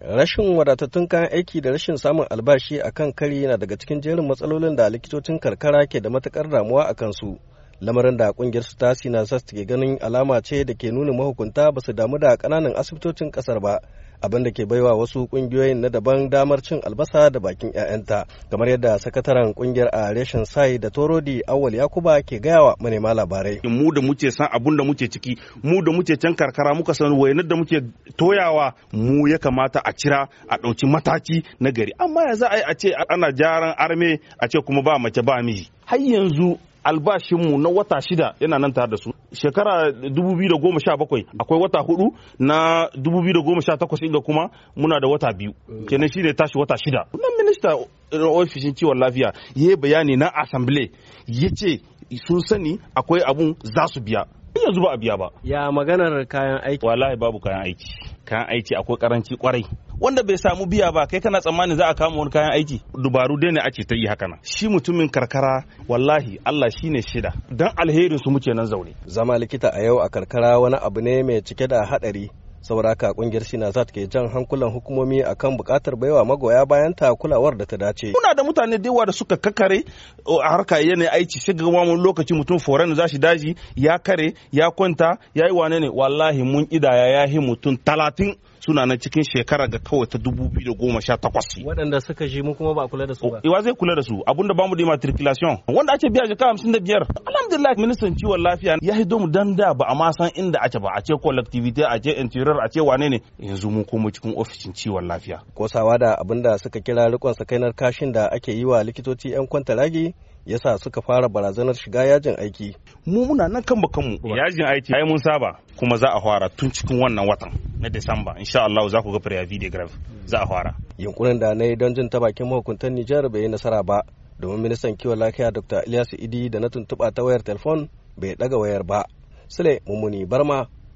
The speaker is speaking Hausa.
Rashin wadatattun kayan aiki da rashin samun albashi a kan kari na daga cikin jerin matsalolin da likitocin karkara ke da matukar ramuwa a kansu. lamarin da kungiyar su ta sinasas ke ganin alama ce da ke nuna mahukunta ba su damu da kananan asibitocin kasar ba abin da ke baiwa wasu kungiyoyin na daban damar cin albasa da bakin 'ya'yanta kamar yadda sakataren kungiyar a reshen sai da torodi awal yakuba ke gaya wa manema labarai mu da muke san abun da muke ciki mu da muke can karkara muka san wayanar da muke toyawa mu ya kamata a cira a ɗauki mataki na gari amma ya za a yi a ce ana jaran arme a ce kuma ba mace ba miji har yanzu Albashin mu na wata shida yana nan tare da su shekara 2017 akwai wata hudu na 2018 inda kuma muna da wata biyu kenan shi ne tashi wata shida nan minista eh, ofishin ciwon lafiya ya yi bayani na asambile ya ce sun sani akwai abun za su biya yanzu ba a biya ba ya maganar kayan aiki wallahi babu kayan aiki kayan aiki akwai karanci kwarai wanda bai samu biya ba kai kana tsammanin za a kama wani kayan aiki dubaru dai ne ake ta yi haka shi mutumin karkara wallahi Allah shine shida dan alherin su muke nan zaune zama likita a yau a karkara wani abu ne mai cike da hadari saboda haka kungiyar sinazat ke jan hankulan hukumomi akan bukatar baiwa magoya bayan ta kulawar da ta dace muna da mutane da yawa da suka kakare a harka yana aiki sai ga wani lokaci mutum foren za shi daji ya kare ya kwanta ya yi wane ne wallahi mun idaya ya yi mutum talatin suna na cikin shekara ga kawai ta dubu biyu da goma sha takwas. waɗanda suka shi mu kuma ba kula da su ba iwa zai kula da su abinda bamu da matriculation wanda ake biya jaka biyar. alhamdulillah ministan ciwon lafiya ya hido mu dan da ba a ma san inda ake ba a ce collectivity a ce interior a ce wane ne yanzu mu komo cikin ofishin ciwon lafiya kosawa da abin da suka kira rikon sakainar kashin da ake yi wa likitoci yan kwanta kwantaragi sa suka fara barazanar shiga yajin aiki mu muna nan kan bakanmu yajin aiki ai mun saba kuma za a fara tun cikin wannan watan na Disamba insha Allah za ku ga fara video graph za a fara yunkurin da na yi don jin ta bakin mahukuntan Nijar bai yi nasara ba domin ministan kiwon lafiya Dr. Ilyasu Idi da na tuntuɓa ta wayar telefon bai ɗaga wayar ba. Sule Mummuni Barma